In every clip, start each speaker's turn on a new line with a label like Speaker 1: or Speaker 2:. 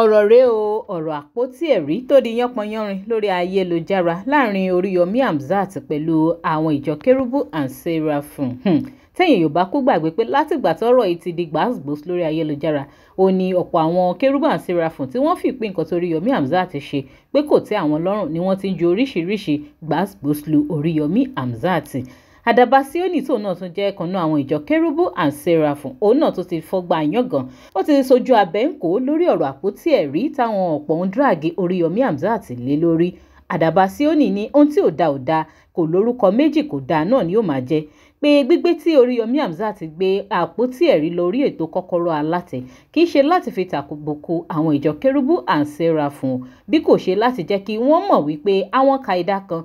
Speaker 1: ọ̀rọ̀ rèé o ọ̀rọ̀ àpótí ẹ̀rí tó di yánpọnyánrin lórí ayélujára láàrin oríyọmí hamzat pẹ̀lú àwọn ìjọ kérúbù and seraph um hmm. tẹ́yìn yorùbá kú gbàgbé pé látìgbà tọ́rọ̀ yìí ti di gbàgbós lórí ayélujára ó ní ọ̀pọ̀ àwọn kérúbù and seraph tí wọ́n fi ìpín nǹkan tó oríyọmí hamzat ṣe pé kò tẹ́ àwọn lọ́rùn ni wọ́n ti ń ju oríṣiríṣi gbàgbós lu oríyọmí hamzat àdàbà síónì tóun náà tún jẹ́ kan náà àwọn ìjọ kérúbù and seraphim òun náà tó ti fọgbà yángàn ó ti sojú abẹ́ǹkó lórí ọ̀rọ̀ àpótí ẹ̀rí táwọn ọ̀pọ̀ ń dráàgì Oríyọmí Hamzat lé lórí àdàbà síòní ni ohun tí ò da ò da kò lórúkọ méjì kò da náà ni yóò máa jẹ́ pé gbígbé tí Oríyọmí Hamzat ti gbé àpótí ẹ̀rí lórí ètò kọ́kọ́rọ́ alátẹ kì í ṣe láti fi tàbùkù àwọn ìjọ kérúbù and Séráfù fún un bí kò ṣe láti jẹ́ kí wọ́n mọ̀ wípé àwọn kaida kan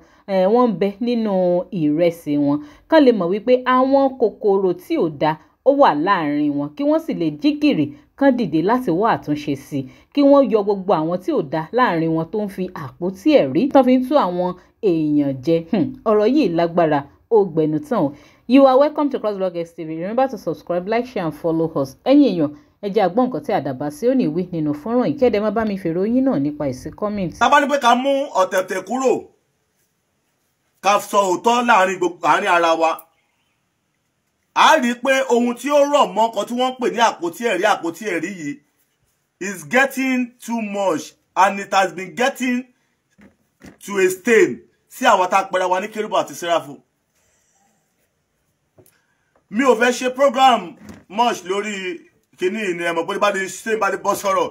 Speaker 1: wọ́n ń bẹ nínú ìrẹsì wọn kán lè mọ̀ wípé àwọn kòkòrò tí ò da ó wà láàrin wọn kí wọ́n sì lè jí gìrì kán dìde láti wá àtúnṣe sí i kí wọ́n yọ gbogbo àwọn tí ò dá láàrin wọn tó ń fi àpótí ẹ̀rí tán fi ń tú àwọn èèyàn jẹ hmm, ọ̀rọ̀ yìí lágbára ó gbẹnu tán o you are welcome to crossblogX TV remember to subscribe like share and follow us ẹ̀yin èèyàn ẹ jẹ́ àgbọ́n nǹkan tí àdàbà sí òní ìwé nínú fọ́nrán ìkéde má bá mi fèrè oyin náà nípa ìsí comment.
Speaker 2: tá bá ní pé ká mú ọ̀tẹ̀ọ̀tẹ̀ kúrò ká sọ òótọ́ láàrin ara wa a rí i pé ohun tí ó rọ̀ mọ́ ọkọ̀ tí wọ́n ń pè ní àpótí ẹ̀rí àpótí ẹ̀rí yìí is getting too much and it has been getting to a stain sí àwọn tá a pẹ̀rẹ̀ wa ní kérúbù àti sẹ́ráfù mi ò fẹ́ ṣe program much lórí kíní ìní ẹ̀mọ̀ pé bá di ṣe bá di bọ́ sọ̀rọ̀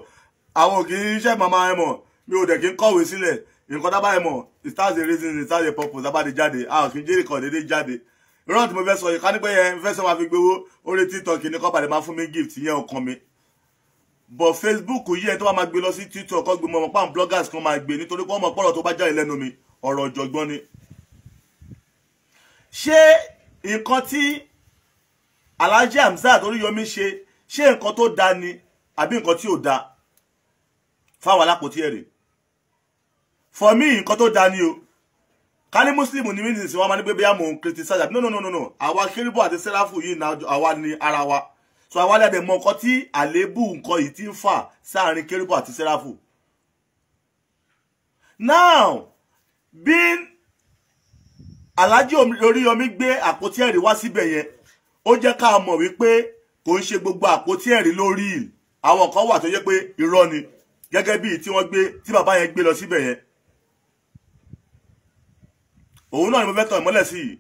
Speaker 2: àwọn òkè iṣẹ́ màmá ẹ̀mọ̀ mi ò dẹ̀ kí n kọ̀wé sílẹ̀ nǹkan dábàá ẹ̀mọ̀ it has the reason it has the purpose dábàá di jáde a ò kí n jẹ́ ìkọ̀ déédéé jáde ìran tí mo fẹ́ sọ yìí ká ní pé yẹn fẹ́ sọ wá fi gbowó orí tiktok ní kọ́ balẹ̀ máa fún mi gift yẹn ọkàn mi but facebook yìí ẹni tó wá máa gbé lọ sí tiktok kọ́ gbé mọ́ pàm bloggers kan máa gbé nítorí pé wọ́n mọ̀ pọ̀rọ̀ tó bá jáde lẹ́nu mi ọ̀rọ̀ ọ̀jọ̀gbọ́n ni. ṣé nǹkan tí alhaji hamzat oríyọmí ṣe ṣé nǹkan tó dáa ni àbí nǹkan tí ò dáa fáwọn alápòtí ẹ̀rẹ̀ for me nǹkan tó dáa ni o ká ní muslim ní mínísì sí wọn máa ní pé bí àmọ̀ ń criticize àbí no no no no àwa kérúbù àti sẹ́ráfù yìí náà àwa ni ara wa so àwa lẹ́dẹ̀ mọ nǹkan tí àléébù nǹkan yìí ti ń fà sáàrin kérúbù àti sẹ́ráfù. now bí alhaji oríyomi gbé àpótí ẹ̀rí wá síbẹ̀ yẹn ó jẹ́ ká mọ̀ wípé kò ń ṣe gbogbo àpótí ẹ̀rí lórí àwọn kan wà tó jẹ́ pé irọ́ ni gẹ́gẹ́ bíi tí wọ́n gbé tí bàbá yẹn gbé lọ síbẹ̀ yẹn òun náà ni mo fẹ́ tàn mọ́lẹ̀ sí i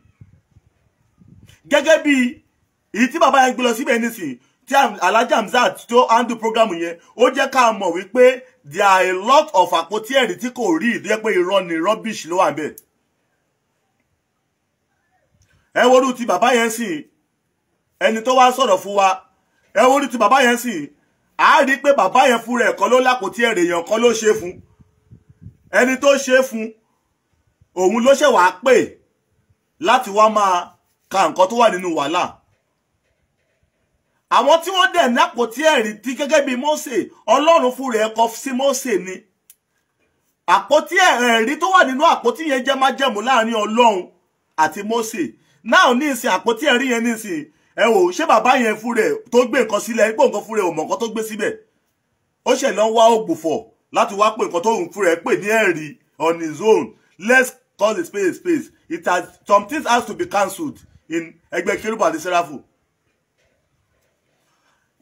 Speaker 2: gẹ́gẹ́ bí èyí tí bàbá yẹn gbé lọ síbẹ̀ nísìn tí Alhaji Hamzat tó handle program yẹn ó jẹ́ ká mọ̀ wípé there are a lot of àpótí ẹ̀rí tí kò rí ìdíyẹ́ pé irọ́ ni rubbish ló wà níbẹ̀ ẹ worú ti bàbá yẹn sìn ẹni tó wá sọ̀rọ̀ fún wa ẹ worú ti bàbá yẹn sìn a rí pé bàbá yẹn fúnra ẹ̀ ló lápótí ẹ̀rí èèyàn kọ́ ló ṣe fún ẹni tó ṣe fún òun ló ṣẹ̀ wàá pè láti wá máa ka nǹkan tó wà nínú wàhálà àwọn tí wọ́n dẹ̀ ní àpótí ẹ̀rí tí gẹ́gẹ́ bíi Mósè Ọlọ́run fún rẹ̀ kọ sí Mósè ni àpótí ẹ̀rí tó wà nínú àpótí yẹn jẹ́ májẹ̀mú láàrin Ọlọ́run àti Mósè náà ní ìsìn àpótí ẹ̀rí yẹn ní ìsìn ẹ wò ṣé bàbá yẹn fún rẹ̀ tó gbé nǹkan sílẹ̀ pé nǹkan fún rẹ̀ ò mọ̀ nǹkan tó gbé síbẹ̀ ó ṣẹ̀ lọ́n wá ògbùfọ̀ láti wá pé nǹkan tó ń fún rẹ̀ pè ní ẹ̀rí on his own let's call the space, a spade it has some things has to be cancelled in ẹgbẹ́ kérúbù àti sẹ́ráfù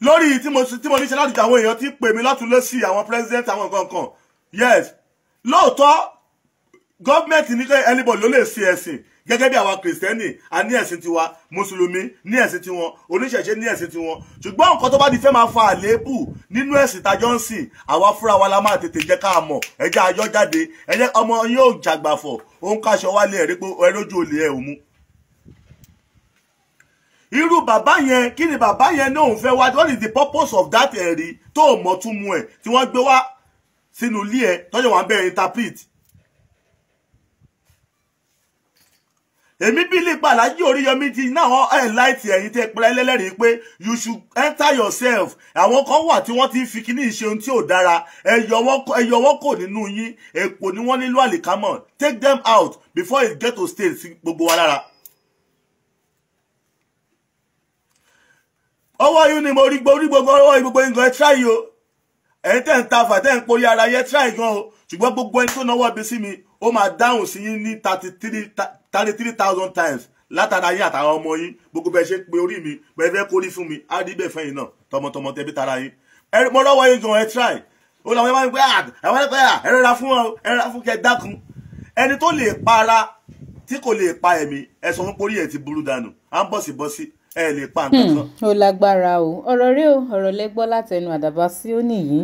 Speaker 2: lórí tí mo tí mo ní ṣe láti àwọn èèyàn ti pè mí látúnlé sí àwọn president àwọn nǹkan kan yes lóòótọ́ Government ní kẹ́ anybody ló lè ṣe ẹ̀sìn gẹ́gẹ́ bí àwa kìrìsìtẹ́nì a ní ẹ̀sìn tiwa mùsùlùmí ní ẹ̀sìn tiwọn oníṣẹ̀ṣe ní ẹ̀sìn tiwọn ṣùgbọ́n nǹkan tó bá di fẹ́ máa fa àléébù nínú ẹ̀sìn tajọ́ ń sìn àwa fúnra wa la máa tètè jẹ́ ká mọ̀ ẹjẹ́ ajọ́ jáde ẹjẹ́ ọmọ yóò jàgbàfọ̀ òun káṣọ wálé ẹ̀rí pé ẹ lójú olè ẹ̀ òmu. irú bàbá yẹn kí ni bàbá yẹn náà ń fẹ́ wá what is the purpose of that ẹ̀rí tó mọ̀ tún mu ẹ̀ tí wọ́n gbé wá sínú ilé ẹ̀ tọ́jú wọn bẹ́ẹ̀ interpret èmi bí lípa alájí oríyọmí ti iná àwọn ẹ̀ńláìtì ẹ̀yìn tẹ pẹ́rẹ́ lẹ́lẹ́rìí pé you should enter yourself àwọn kan wà tí wọ́n ti ń fi kíní ìṣe ohun tí ò dára ẹ̀yọ̀ wọ́n kò nínú yín èpò ni wọ́n nílò àlìkámọ̀ take them out before it get to stage sí gbogbo wa lára. ọwọ́ yín ni mo rí gbogbo ọwọ́ gbogbo nǹkan ẹ try o ẹ̀yin tẹ̀ ń ta fà tẹ̀ ń porí ara yẹ try gan o ṣùgbọ́n gbogbo ẹni tó náwó ọbẹ̀ sí mi ó máa dáhùn sí yín ní thirty three thousand times látara yín àtàwọn ọmọ yín gbogbo bẹ́ẹ̀ ṣe pé orí mi bẹ́ẹ̀ fẹ́ kórí fún mi á rí bẹ́ẹ̀ fẹ́yìn náà tọmọtọmọ tẹbí tara yín mo rọ́wọ́ yín gan ẹ try ó làwọn ẹ máa ń pẹ́ ah, àwọn ẹgbẹ́ ah, ẹ rẹ́ra fún ọ ẹ rẹ́ra fún kẹ dákun ẹni tó lè para tí kò lè pa ẹ̀mí ẹ̀sùn orí ẹ̀ ti burú dànù à ń bọ̀sibọ́sí ẹ lè pa nǹkan hmm,
Speaker 1: kan. ó lágbára o ọ̀rọ̀ rẹ o ọ̀rọ̀ lẹ́gbọ́ látẹnu àdàbà sí ó nìyí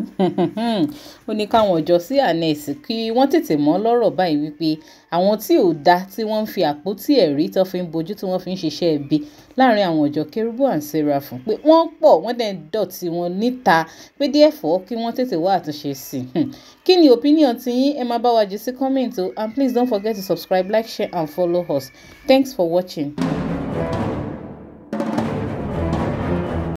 Speaker 1: ó ní káwọn ọjọ́ sí anes kí wọ́n tètè mọ́ lọ́rọ̀ báyìí wípé àwọn tí ò dá tí wọ́n ń fi àpótí ẹ̀rí tó fi ń bojú tí wọ́n fi ń ṣiṣẹ́ ibi láàrin àwọn ọjọ́ kérúbù and sẹ́ráfù pé wọ́n pọ̀ wọ́n dẹ̀ ń dọ̀tí wọn níta pé díẹ̀ fọ́ kí wọ́n tètè wá àtúnṣe sí i. kí ni opinion ti yín ẹ máa bá wa jù sí comment o and please don't forget to subscribe like share and follow us thanks for watching.